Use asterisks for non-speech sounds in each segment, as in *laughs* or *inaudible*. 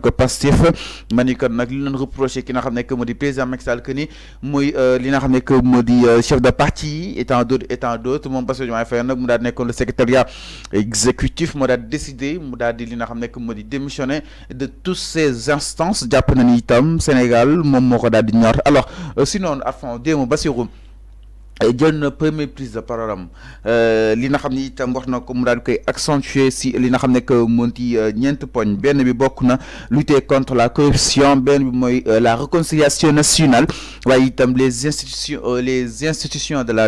que Pastef ma nak li leen reproché ki nga xam ne que moo président Macky Sall que ni muy euh, li nga xam que modi euh, chef de parti étant et étant d'autres et tant d'autres moom Bassirou Diomaye mu daal nekkon le secrétariat exécutif mu daal décidé mu daal di li nga xam que de toutes ces instances na ni itam Sénégal mom moko ko di ñor alors euh, sinon à demo Bassirou eh, jeune premier prise de parole euh li nga xamni itam ko mu dal koy accentuer si li nga xamne ne que monti eh, ñent pogne ben bi bokk lutter contre la corruption ben bi moy eh, la réconciliation nationale way itam les institutions les institutions de la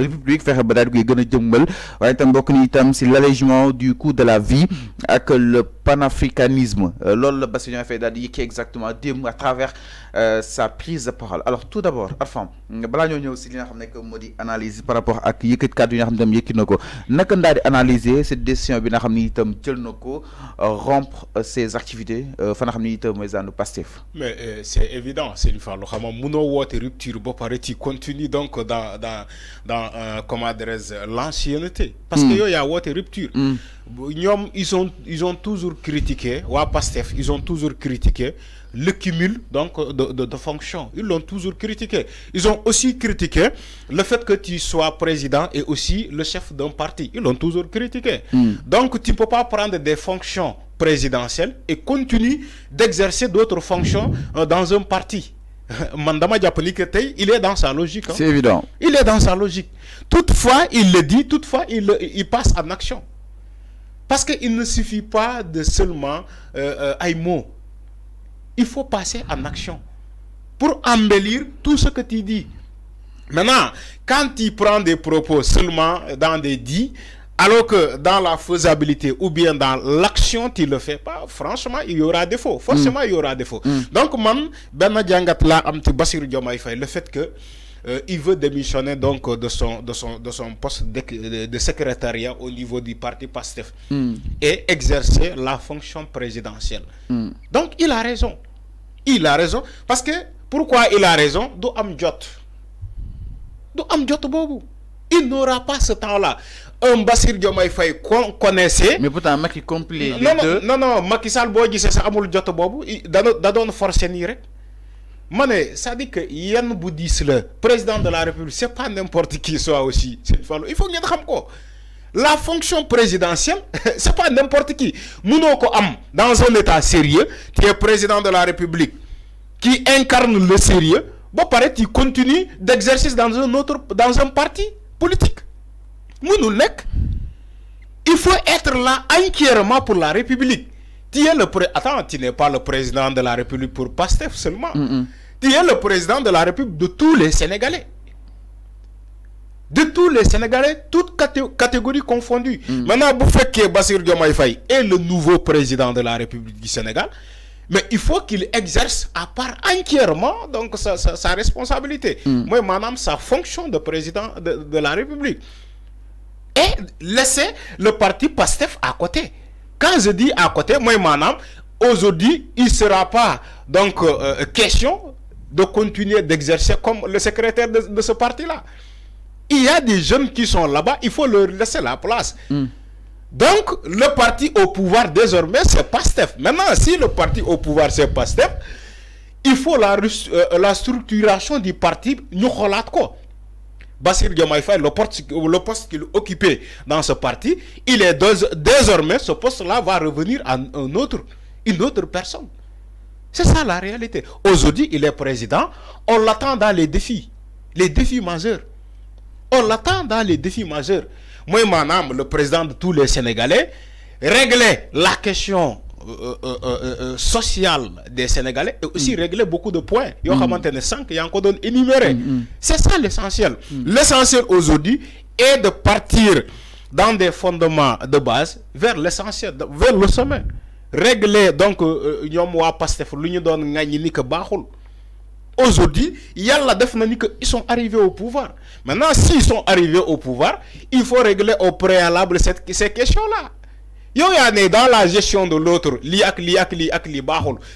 république fexe ba daal di koy gën jëmmal waaye itam bokku ni itam si l'allègement du coût de la vie ak le panafricanisme. Euh, Lol Bassignon fait qui exactement à travers euh, sa prise de parole. Alors tout d'abord, Arfam, Blagnon nous aussi dit analyse par rapport à qui est cadre d'un yekinoko. Nakanda analyser cette décision bien hamnitum tchelnoko euh, rompre euh, ses activités. Fanahamitum mais nous Pastef. Mais c'est évident, c'est une fois Alors, Haman Mouno Water rupture il continue donc dans dans dans euh, comment l'ancienneté parce que qu'il y a Water rupture. Hmm ils ont ils ont toujours critiqué PASTEF ils ont toujours critiqué le cumul donc de fonctions ils l'ont toujours critiqué ils ont aussi critiqué le fait que tu sois président et aussi le chef d'un parti ils l'ont toujours critiqué. Hmm. donc tu ne peux pas prendre des fonctions présidentielles et continuer d'exercer d'autres fonctions euh, dans un parti. *laughs* Mandama Diapolikete, il est dans sa logique. Hein. C'est évident. Il est dans sa logique. Toutefois, il le dit, toutefois, il, il passe en action. Parce qu'il ne suffit pas de seulement euh, euh mot Il faut passer en action pour embellir tout ce que tu dis. Maintenant, quand tu prends des propos seulement dans des dits, alors que dans la faisabilité ou bien dans l'action, tu le fais pas, franchement, il y aura défaut. Forcément, mm. il y aura défaut. Mm. Donc, moi, ben, le fait que euh, il veut démissionner donc euh, de son, de son, de son poste de, secrétariat au niveau du parti PASTEF hmm. et exercer la fonction présidentielle. Hmm. Donc il a raison. Il a raison. Parce que pourquoi il a raison Do Amdiot. Do Amdiot Bobo. Il n'aura pas ce temps-là. Un Bassir Diomaye Faye qu'on connaissait. Mais pourtant, Macky complet. Non, non, non, non, Macky Sall Boy, c'est ça, Amoul Dioto Bobo. Il a Mané, ça dit que yann bouddhiste le président de la république c'est pas n'importe qui soit aussi il faut la fonction présidentielle *laughs* c'est pas n'importe qui nous ko am dans un état sérieux qui est président de la république qui incarne le sérieux va paraître' tu continue d'exercer dans un autre dans un parti politique nous il faut être là entièrement pour la république tu le Attends, tu n'es pas le président de la République pour Pastef seulement. Il mm, mm. le président de la République de tous les Sénégalais. De tous les Sénégalais, toutes catégories confondues. Mm. Maintenant, vous faites que Diomaye Faye est le nouveau président de la République du Sénégal. Mais il faut qu'il exerce à part entièrement donc, sa, responsabilité. Mais Moi, madame, sa fonction de président de, la République. Et laisser le parti PASTEF à côté. Quand je dis à côté, moi, madame, aujourd'hui, il ne sera pas donc euh, euh, question de continuer d'exercer comme le secrétaire de, ce parti-là. Il y a des jeunes qui sont là-bas, il faut leur laisser la place. Hmm. Donc, le parti au pouvoir désormais, c'est PASTEF. Maintenant, si le parti au pouvoir, c'est PASTEF, il faut la, euh, structuration du parti, nous quoi. Bassir Diomaye le, poste qu'il occupait dans ce parti, il est désormais, ce poste-là va revenir à un autre, une autre personne. C'est ça la réalité. Aujourd'hui, il est président, on l'attend dans les défis, les défis majeurs. On l'attend dans les défis majeurs. Moi, mon le président de tous les Sénégalais, régler la question euh, euh, euh, social des Sénégalais et aussi mm. régler beaucoup de points. Il y a cinq, il y a encore C'est ça l'essentiel. Mm. L'essentiel aujourd'hui est de partir dans des fondements de base vers l'essentiel, vers le sommet. Régler donc ñom wa pastef Aujourd'hui, ils sont arrivés au pouvoir. Maintenant, s'ils sont arrivés au pouvoir, il faut régler au préalable cette, ces questions-là. Yoyane dans la gestion de l'autre liak liak liak li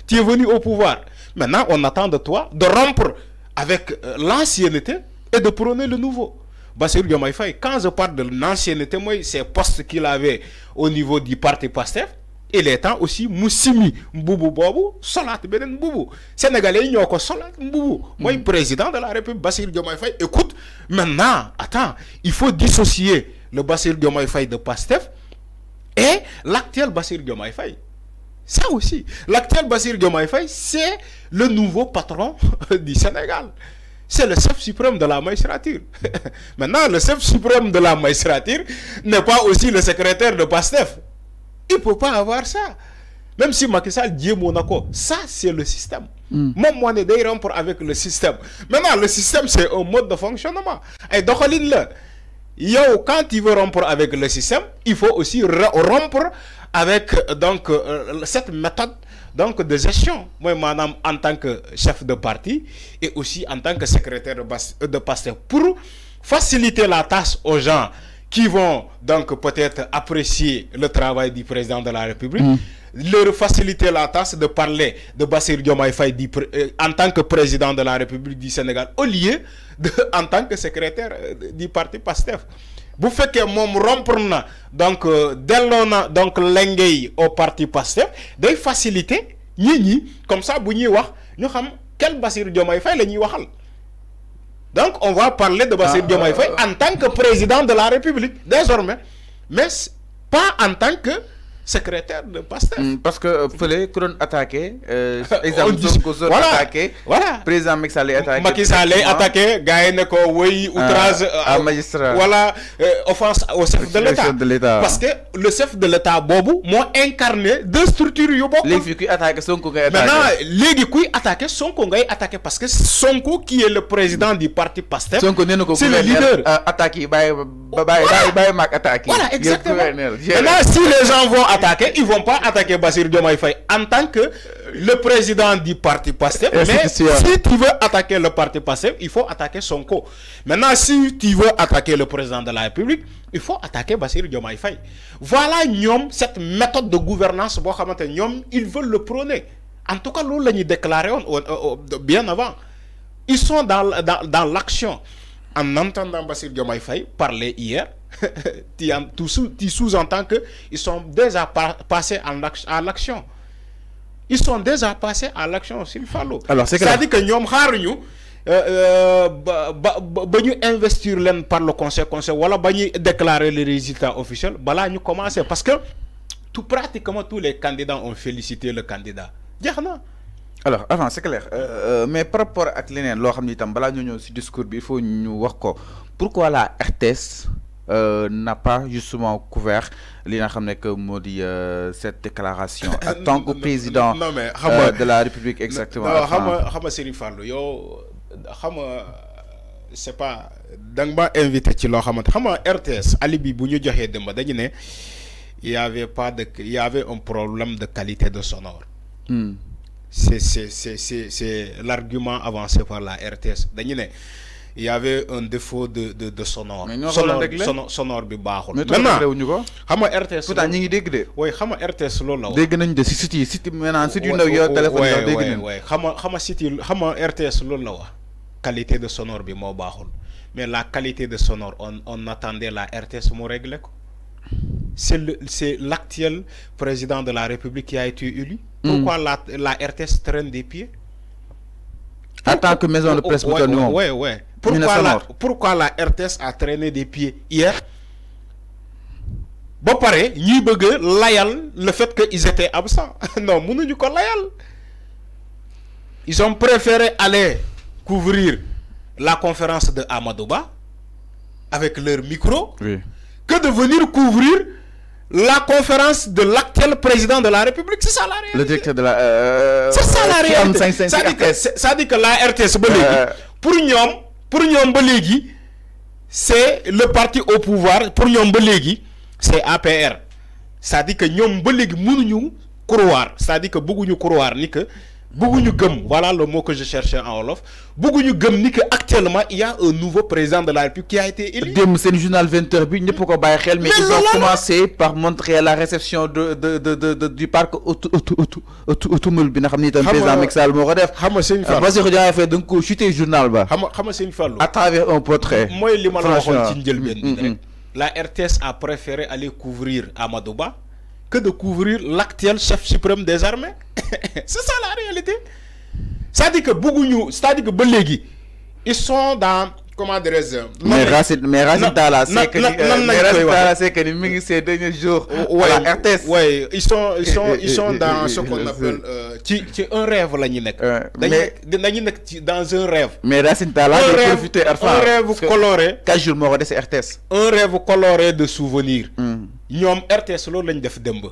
tu es venu au pouvoir maintenant on attend de toi de rompre avec euh, l'ancienneté et de prôner le nouveau Bassir Diomaye Faye quand je parle de l'ancienneté c'est ces poste qu'il avait au niveau du parti Pastef il est temps aussi Moussimi. simi mbubu Solat Benen beneen sénégalais yi a encore Solat mbubu Moi, mm. président de la république Bassir Diomaye Faye écoute maintenant attends il faut dissocier le Bassir Diomaye Faye de Pastef et l'actuel Bassir Diomaye Faye, ça aussi, l'actuel Bassir Diomaye Faye, c'est le nouveau patron *laughs* du Sénégal. C'est le chef suprême de la magistrature. *laughs* Maintenant, le chef suprême de la magistrature n'est pas aussi le secrétaire de PASTEF. Il ne peut pas avoir ça. Même si Macky Sall dit Monaco, ça c'est le système. Mon Moi, est on avec le système. Maintenant, le système, c'est un mode de fonctionnement. Et donc, là, Yo, quand tu veux rompre avec le système, il faut aussi rompre avec euh, donc, euh, cette méthode donc, de gestion. Moi, madame, en tant que chef de parti et aussi en tant que secrétaire de, euh, pasteur, pour faciliter la tâche aux gens qui vont donc peut-être apprécier le travail du président de la République. Mm leur faciliter la tâche de parler de Bassir Diomaye Faye euh, en tant que président de la République du Sénégal au lieu de *laughs* en tant que secrétaire euh, du parti PASTEF bu que mon rompre na donc euh, dès donc lenge au parti PASTEF de faciliter ni comme ça bu n'y wax ñu quel Bassir Diomaye Faye la ñuy waxal donc on va parler de Bassir ah, Diomaye Faye en tant que président de la République désormais mais pas en tant que secrétaire de Pasteur. Mm, parce que euh, fële ku doon attaqué. exemple Sonko doon attaqué. voilà président Macky Sall attaqué. Macky Sall attaqué gars ko woy ah, outrage à euh, magistrat voilà euh, offense au chef de l'État parce que le chef de l'État Bobo boobu incarné deux structures yu bokk. léegi kuy attaqué Sonko ngay attaqué maintenant les kuy attaqué Sonko ngay attaqué parce que Sonko qui est le président du parti Pasteur. c'est le leader attaqué ku voilà, exactement. Maintenant, si les gens vont attaquer, ils ne vont pas attaquer Bassir Diomaye en tant que le président du parti passé. Mais si tu veux attaquer le parti passé, il faut attaquer son co Maintenant, si tu veux attaquer le président de la République, il faut attaquer Bassir Diomaye Voilà, cette méthode de gouvernance, ils veulent le prôner. En tout cas, nous l'avons déclaré bien avant. Ils sont dans, dans, dans l'action en entendant Basile Diomaye Faye parler hier, *laughs* tu, sous-entends qu'ils sont déjà passés à l'action. Ils sont déjà passés à l'action, s'il faut. Alors, c'est à dire que nous avons euh, euh, nous l'un investir par le conseil, conseil voilà, déclarer les résultats officiels, Voilà, nous commençons. Parce que tout, pratiquement tous les candidats ont félicité le candidat alors avant c'est clair euh, euh mais par rapport à leneen loo xam ne itam balaa ñoo ci discours il faut nous voir quoi pourquoi la RTS euh, n'a pas justement couvert li nga xam que maudit euh, cette déclaration en *laughs* tant que président euh, de la République exactement non xam nga xam nga Serigne Fallou yow xam nga c'est pas da nga ma invité ci RTS alibi bu ñu de dëmb dañu il n'y avait pas de il y avait un problème de qualité de sonore hmm c'est l'argument avancé par la RTS il y avait un défaut de de de sonore. RTS qualité de mais la qualité de sonore on attendait la RTS c'est l'actuel président de la République qui a été élu. Pourquoi hmm. la, RTS traîne des pieds En que maison de presse, oh, oh, Pourquoi, la, RTS a traîné des pieds hier Bon, pareil, nous le fait qu'ils étaient absents. *laughs* non, nous ne layal. Ils ont préféré aller couvrir la conférence de Amadouba avec leur micro que de venir couvrir la conférence de l'actuel président de la République. C'est ça la réalité. Le directeur de la. Euh, c'est ça la euh, réalité. Ça dit, que, ça dit que la RTS, euh... pour nous, pour c'est le parti au pouvoir, pour nous, c'est APR. Ça dit que nous, nous, croire. Ça dit que beaucoup nous croire, ni que voilà le mot que je cherchais en Olof. actuellement il y a un nouveau président de la République qui a été élu. C'est le journal 20h mais ils ont commencé par montrer la réception du parc journal à travers un portrait. Mm, mm, mm. la RTS a préféré aller couvrir Amadouba que de couvrir l'actuel chef suprême des armées. *laughs* c'est ça la réalité. Ça dit que Bougounou, ça dit dire que Belégui, ils sont dans. Comment dirais-je Mais Racine Tala, c'est que les ces derniers jours ouais, la RTS. Oui, ils sont, ils sont, *laughs* ils sont dans ce qu'on appelle euh, qui, un rêve. Là, mais, dans un rêve. Mais Racine la. un rêve, un rêve coloré. 4 c'est RTS. Un rêve coloré de souvenirs. Mm. ñoom RTS loolu lañ def dëmb